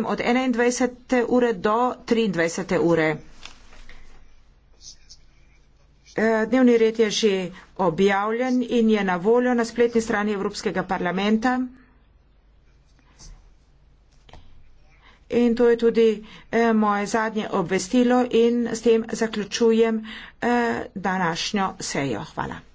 potem od 21. ure do 23. ure. E, dnevni red je že objavljen in je na voljo na spletni strani Evropskega parlamenta. In to je tudi e, moje zadnje obvestilo in s tem zaključujem e, današnjo sejo. Hvala.